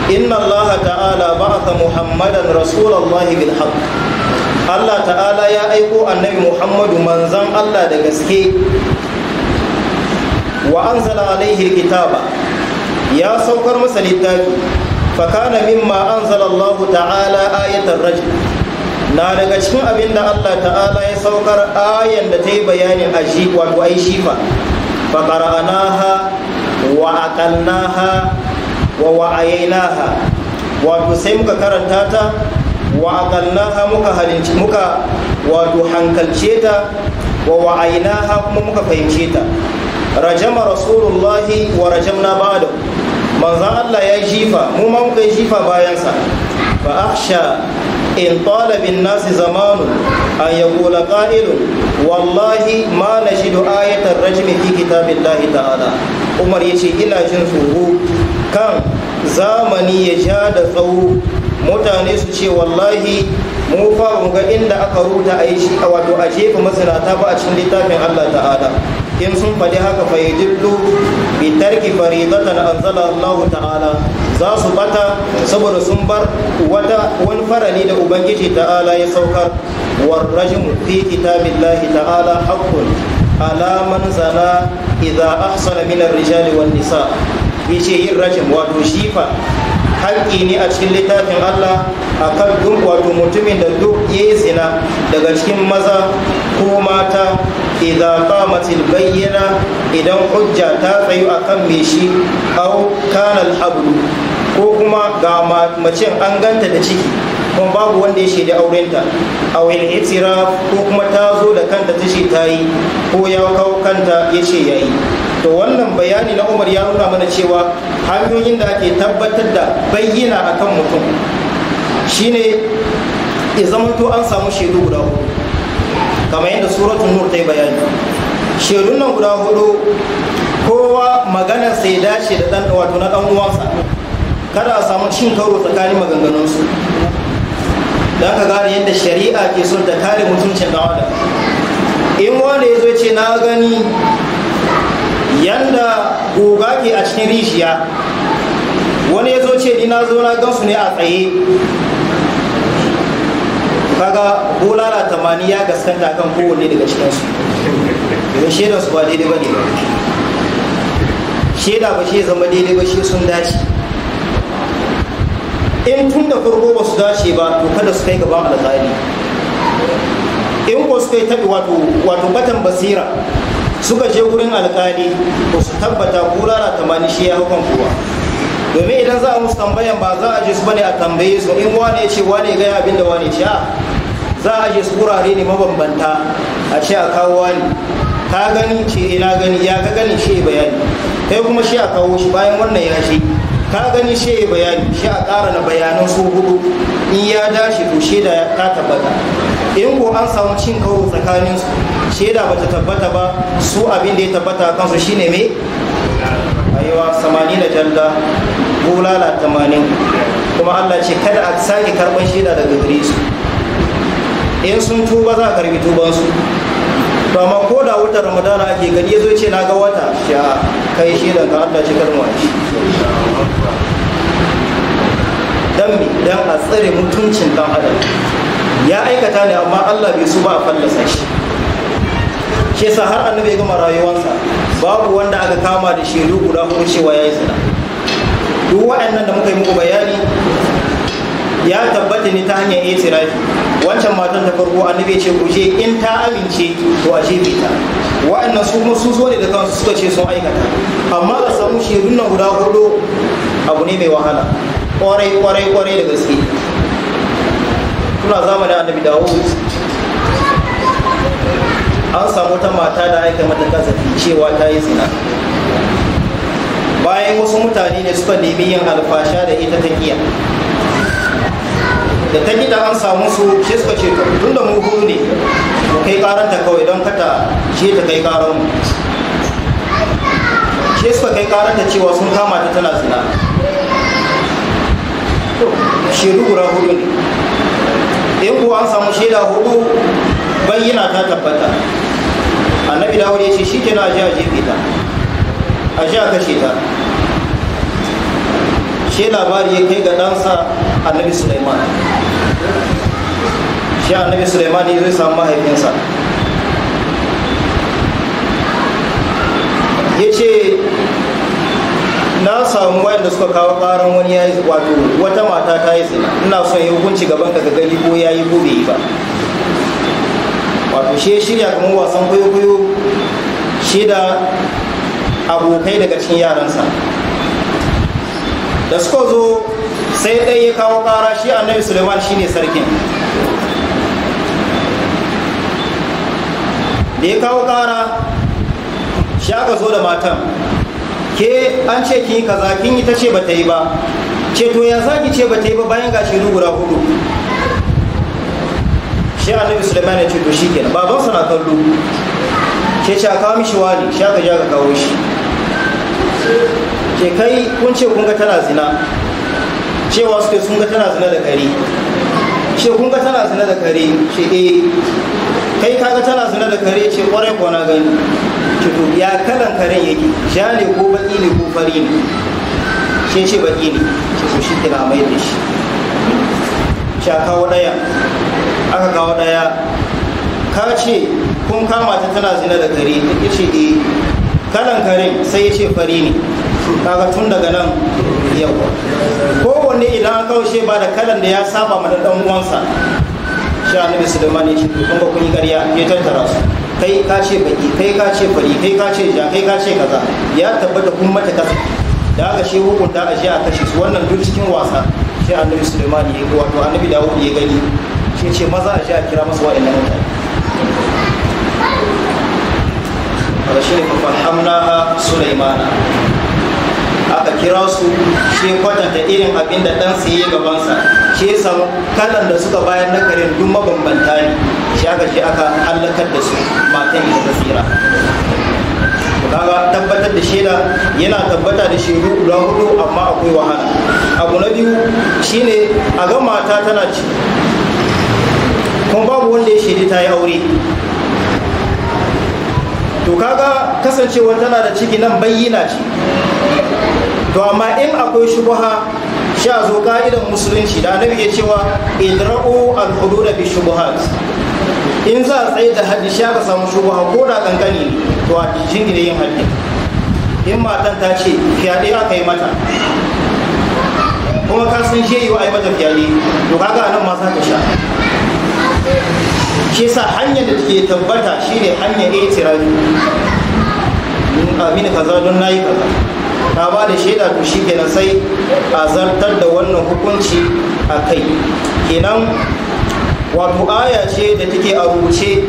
inna allaha ta'ala ba'atha muhammadan rasulullahi bil haqq Allah ta'ala ya aiko annabi Muhammadu manzan Allah da gaske wa anzala alaihi kitaba ya saukar masa littafi fakana mimma anzala Allah ta'ala ayatar rajul na daga cikin abin da Allah ta'ala ya saukar ayan da ta yi bayanin aji wato ai shifa fa qara'naha wa aqalnaha wa wa'aynaha wato sai muka karanta ta wa aqalnaha muka halinci muka wato hankalce ta wa wa'aynaha kuma muka fahimce ta rajama rasulullahi wa rajamna ba'da manzan Allah ya jifa mu ma muka jifa bayansa fa akhsha in tala nasi zamanu an yaqula qa'ilun wallahi ma nashidu ayatan rajmi fi kitabillahi ta'ala Umar yace ina jin tsoro kan zamani ya ja da tsawo mutane su ce wallahi mu fa ga inda aka rubuta a yi shi a wato a jefa mazinata ba a cikin littafin Allah ta'ala in sun faɗi haka fa yudillu bi tarki faridatan anzala allahu ta'ala za su bata saboda sun bar wata wani farani da ubangiji ta'ala ya saukar war rajmu fi kitabillahi ta'ala hakkun ala man zana idza ahsana min ar-rijali wan nisa yace yin rajim wato shifa haƙƙi ne a cikin littafin Allah a kan duk wato mutumin da duk ya yi zina daga cikin maza ko mata idan qamatil bayyana idan hujja ta tsayu akan me shi au kana al ko kuma ga macen an ganta da ciki kuma babu wanda ya shaida aurenta a wani itira ko kuma ta zo da kanta ta ce ta yi ko ya kawo kanta ya ce ya yi to wannan bayani na umar ya nuna mana cewa hanyoyin da ake tabbatar da bayyana akan mutum shine ya zamanto an samu shaidu guda hudu. kamar yadda suratun nur ta yi bayani shaidun nan guda hudu kowa maganar sai dace da dan wato na dan uwansa kada a samu cin karo tsakanin maganganunsu don ka gane yadda shari'a ke son ta kare mutuncin dan adam in wanda ya ce na gani yanda goga ke a cikin rishiya wani yazo zo ce ni na zo na gansu ne a tsaye kaga ko bulala mani ya gaskanta kan kowanne daga su domin shaidar su ba daidai ba ne ba shaida ba shi zama daidai ba shi sun dace in tun da farko ba su dace ba to kada su kai gaban lazari in ko su kai taɓi wato wato batan basira suka je wurin alƙali ko su tabbata ko bulala mani shi ya hukunta domin idan za a musu tambayan ba za a je su bane a tambaye su in wane ce wane gaya abin da wane ce za a je su wurare ne mabambanta a ce a kawo wani ka gani ce ina eh, gani ya ka gani shi bayani kai kuma shi a kawo shi bayan wannan ya shi ka gani shi bayani shi a ƙara na bayanan su hudu in ya dashi to shaida ta tabbata in ko an samu cin karo tsakaninsu shaida bata tabbata ba su abin da ya tabbata kansu shine mai aiwa samani da jalla bulala tamanin kuma allah ce kada a sake karɓar shaida daga gare in sun tuba za a karbi tubansu to amma ko da wutar ramadana ake gani ya zo ce na ga wata sha kai shaidan ka allah ce karnuwa shi dan mi dan a tsare mutuncin dan adam ya aikata ne amma allah bai su ba a fallasa shi shi sa har annabi ya gama rayuwarsa babu wanda aka kama da shaidu guda kuma cewa ya yi zina duk waɗannan da muka yi muku bayani ya tabbata ne ta hanyar itirafi wancan matan ta farko annabi ce ku je in ta amince to a jefe ta waɗannan su kuma su zo ne da kansu suka ce sun aikata amma a samu shaidun nan guda hudu abu ne mai wahala kwarai kwarai kwarai da gaske kuna zamanin annabi dawo an samu ta mata da aika mata zafi cewa ta yi zina bayan wasu mutane ne suka nemi yin alfasha da ita ta kiya da ta gida an samu su shi suka ce tun da mu ne mu kai karanta kawai don kata ce ta kai karon mu shi suka kai karanta cewa sun kama ta tana zina shi rubura hudu ne in kuwa an samu shaida hudu bayyana ta tabbata annabi dawud ya ce shi kenan aje aje fita aje a kashe ta shi labari ya kai ga ɗansa annabi suleiman shi annabi suleiman ya zai samu mahaifinsa ya ce na samu wayanda suka kawo karan wani ya yi wato wata mata ta yi zina ina son yi hukunci gaban ka ga gani ko ya yi ko bai yi ba wato shi ya shirya kamar wasan kwaikwayo shi da abokai daga cikin yaransa da suka zo sai ɗaya ya kawo ƙara shi annabi suleiman shi ne sarkin da ya kawo ƙara shi aka zo da matan ke an ce ki yi kaza kin yi ta ce ba ta yi ba ce ya zaki ce ba ta yi ba bayan gashi guda hudu shi annabi sulaiman ya ce to shikenan babansa na kallo ke ce a kawo mishi wani shi aka ji ka kawo shi ke kai kun ce kun ga tana zina cewa suke sun ga tana zina da kare ce kun ga tana zina da kare ce eh kai ka ga tana zina da kare ce kwarai ko na gani ce to ya kalan karen yake ja ne ko baki ne ko fari ne shi ce baki ne ce to shi na mai da shi ce a kawo ɗaya aka kawo daya ka ce kun kama ta tana zina da kare ya ce eh kalan karen sai ya ce fari ne kaga tun daga nan yau wanne idan an kawo ba da kalan da ya saba ma da dan uwansa shi su da mani shi kun ba kun yi ƙarya ya tantara su kai ka ce baki kai ka ce fari kai ka ce ja kai ka ce kaza ya tabbata kun mata kasa da aka shi hukunta a shi a kashe su wannan duk cikin wasa shi annabi sulaiman ya yi wato annabi dawud ya gani ke ce maza a jiya a kira masu wa'annan mutane wanda shi ne fahamna sulaimana aka kira su shi kwatanta irin abin da ɗan siye gabansa shi ya samu kalan da suka bayan na karin duk mabambanta ne shi aka shi aka hallakar da su matan yi ta tsira kaga tabbatar da shaida yana tabbata da shaidu guda hudu amma akwai wahala abu na biyu shine a ga mata tana ci kuma babu wanda ya shaidi ta yi aure to kaga kasancewa tana da ciki nan bayyana ce to amma in akwai shubuha sha zo ka'idan musulunci da annabi ya cewa idra'u al-hudud bi shubuhat in za a tsaye da haddi sha ka samu shubuha ko da kankani to a jingine yin haddi in matan ta ce fyaɗe aka yi mata kuma ka san shi yi wa ai mata fyaɗe to kaga nan ma za ka sha kisa hanyar da take tabbata shine hanyar a mun amina kaza don yi kaza ta ba da shaida to shi kenan sai a zartar da wannan hukunci a kai kenan wato aya ce da take a rubuce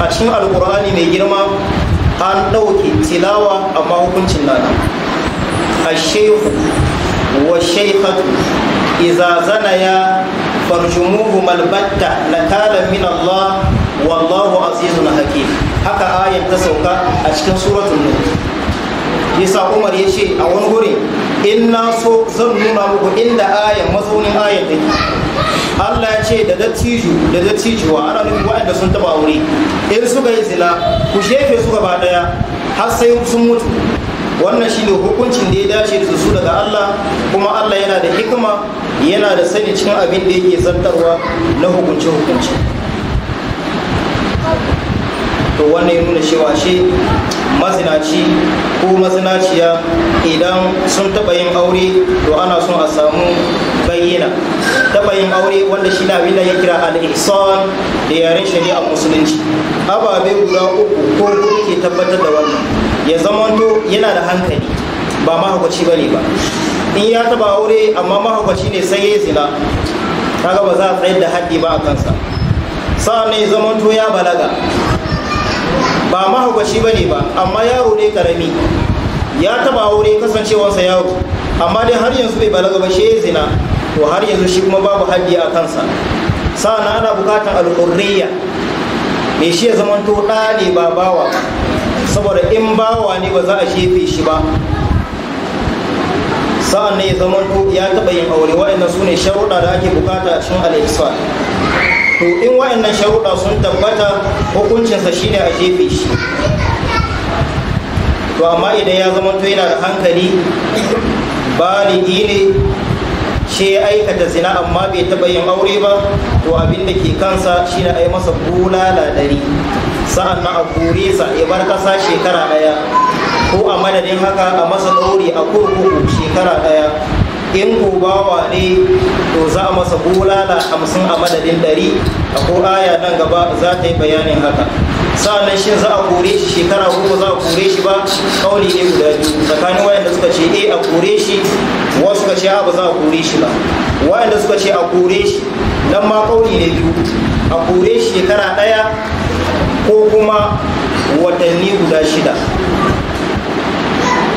a cikin alkur'ani mai girma an ɗauke tilawa amma hukuncin nan a shehu wa shaikatu iza zana ya. farjumuhu malbatta nakala min Allah wallahu azizun hakim haka ayan ta sauka a cikin suratul nur yasa Umar yace a wani gure inna so zan nuna muku inda ayat mazaunin ayat take Allah ya ce da dattiju da dattijuwa ana nufin waɗanda sun taba wuri, in suka yi zina ku shefe su gaba daya har sai sun mutu wannan shine hukuncin da ya dace da su daga Allah kuma Allah yana da hikima yana da sani cikin abin da yake zartarwa na hukunce hukunci to wannan ya nuna cewa shi mazinaci ko mazinaciya idan sun taba yin aure to ana son a samu bayyana taba yin aure wanda shi abin da ya kira al-ihsan da yaren shari'a musulunci ababe guda uku ko ke tabbatar da wannan ya zamanto yana da hankali ba mahaukaci ne ba in ya taba aure amma mahaukaci ne sai ya zina kaga ba za a tsayar da haddi ba a kansa sa'an ne zamanto ya balaga ba mahaukaci ne ba amma yaro ne karami ya taba aure kasancewarsa yaro amma dai har yanzu bai balaga ba shi ya zina to har yanzu shi kuma babu haddi a kansa sa'an ana bukatar alhurriya me shi ya zamanto ɗa ne ba bawa saboda in bawa ne ba za a shefe shi ba sa'an ne ya zamanto ya taɓa yin aure waɗannan su ne sharuɗa da ake bukata a cikin al'isal to in waɗannan sharuɗa sun tabbata hukuncinsa ne a jefe shi to amma idan ya zamanto yana da hankali ni ne shi ya aikata zina amma bai taba yin aure ba to abin da ke kansa shine a yi masa bulala dari sa'an na a kore sa ya bar kasa shekara ɗaya ko a madadin haka a masa ɗauri a kurkuku shekara ɗaya in bawa ne to za a masa bulala hamsin a madadin ɗari a ko aya nan gaba za ta yi bayanin haka na shi za a kore shi shekara uku za a kore shi ba kauli ne guda biyu tsakanin wayanda suka ce eh a kore shi wasu suka ce ba za a kore shi ba wayanda suka ce a kore shi nan ma kauli ne biyu a kore shi shekara ɗaya ko kuma watanni guda shida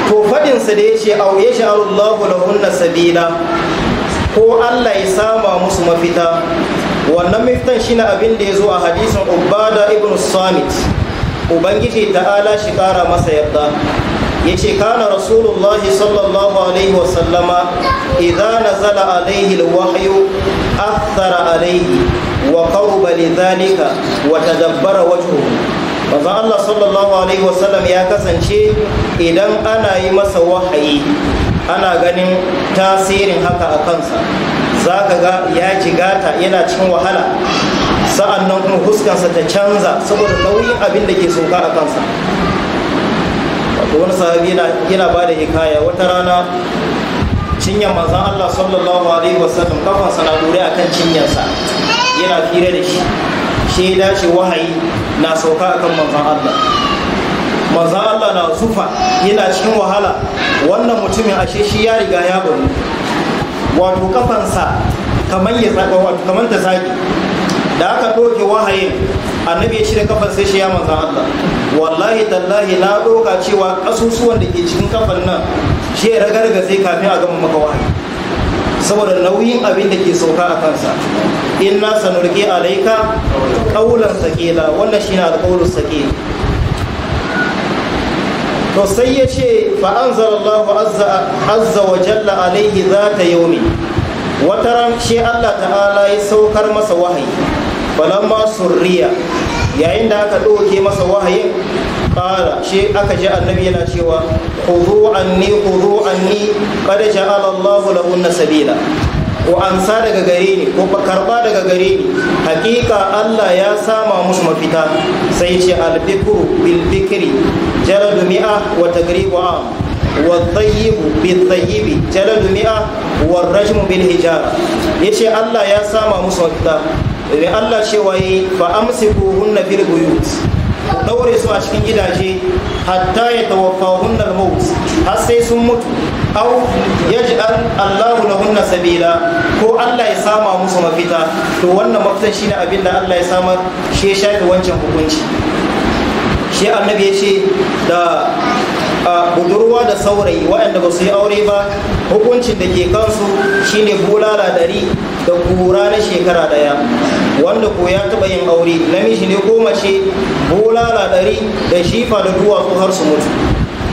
to faɗinsa da ya ce au ya sha'arun lahunna sabila ko allah ya sama musu mafita wannan mafitan shi na abin da ya zo a hadisin ubada ibn samit ubangiji ta'ala shi kara masa yarda ya ce kana rasulullahi sallallahu alaihi wasallama idza nazala alaihi alwahyu athara alaihi wa qawba lidhalika wa tadabbara wajhu maza Allah sallallahu alaihi wasallam ya kasance idan ana yi masa wahayi ana ganin tasirin haka a kansa zaka ga ya jigata yana cikin wahala sa'annan kuma huskansa ta canza saboda nauyin abin da ke soka a kansa to wani sahabi yana ba da hikaya wata rana cinyar manzan Allah sallallahu alaihi wasallam kafansa na dore akan cinyarsa yana fira da shi shi ya dace wahayi na sauka akan manzan Allah manzan Allah na zufa yana cikin wahala wannan mutumin ashe shi ya riga ya bari wato kafansa kamar ya tsaka wato kamar ta zagi da aka ɗauke wahayin annabi ya shi da kafan shi ya manzan Allah wallahi tallahi na ɗauka cewa ƙasusuwan da ke cikin kafan nan shi ya ragargaze kafin a gama maka wahayi saboda nauyin abin da ke sauka a kansa in na sanurke alaika sake da wannan shi na alƙaular sake to sai ya ce an fa'anzarallahu azza wa jalla alaihi za ta Wata ran shi allah ta'ala ya saukar masa wahayi balamma surriya yayin da aka ɗauke masa wahayin ƙara shi aka ji annabi yana cewa ku anni khudhu anni qad ja'ala Allahu lahunna sabila Ku ansa daga gare ni ku karɓa daga gare ni hakika Allah ya sama musu mafita sai ce albikru bil bikri jaladu mi'a wa tagribu am wa tsayibu bil tayyibi jaladu mi'a wa rajmu bil hijara yace Allah ya sama musu mafita domin Allah cewa yi fa amsikuhunna fil buyut ku daure su a cikin gidaje hatta ya tawafa al-maut har sai sun mutu aw yaj'al Allahu lahunna sabila ko Allah ya sama musu mafita to wannan mafita shine abin da Allah ya samar shi ya shafi wancan hukunci shi annabi ya ce da a budurwa da saurayi waɗanda ba su yi aure ba hukuncin da ke kansu shine bulala ɗari da kura na shekara ɗaya wanda ko ya taɓa yin aure namiji ne ko mace bulala ɗari da shifa da duwatsu har su mutu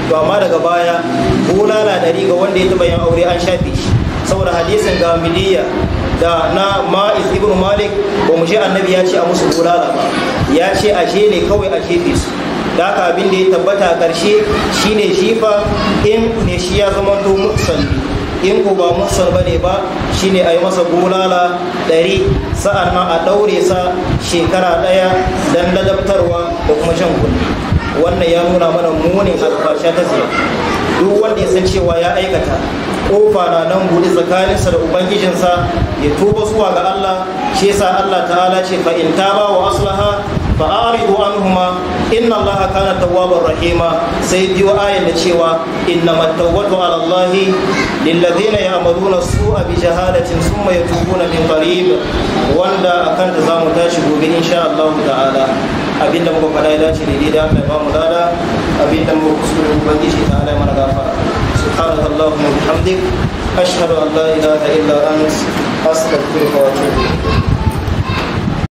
to amma daga baya bulala ɗari ga wanda ya taɓa yin aure an shafe shi saboda hadisin ga miliya da na ma'iz ibn malik ba mu annabi ya ce a musu bulala ba ya ce ashe ne kawai a jefe su da aka abin da ya tabbata a ƙarshe shine jifa in ne shi ya zama to mutsal in ko ba mutsal ne ba shine a yi masa gulala ɗari sa'an na a ɗaure sa shekara ɗaya don ladabtarwa da kuma shan kuɗi wannan ya nuna mana munin alfarsha ta ziyar duk wanda ya san cewa ya aikata kofa na nan buɗe tsakaninsa da ubangijinsa ya tuba zuwa ga Allah shi yasa Allah ta'ala ce fa'inta in wa aslaha fa'aridu anhuma inna allaha kana tawwabar rahima sai biyo ayan da cewa innamat tawbatu ala allahi lilladhina ya'maluna su'a bi jahalatin thumma yatubuna min qarib wanda akan da zamu tashi gobe insha Allah ta'ala abinda muka faɗa a dace da da Allah ba mu lada abinda muka kuskure ubangiji ta Allah mana gafara subhanaka allahumma bihamdik ashhadu an illa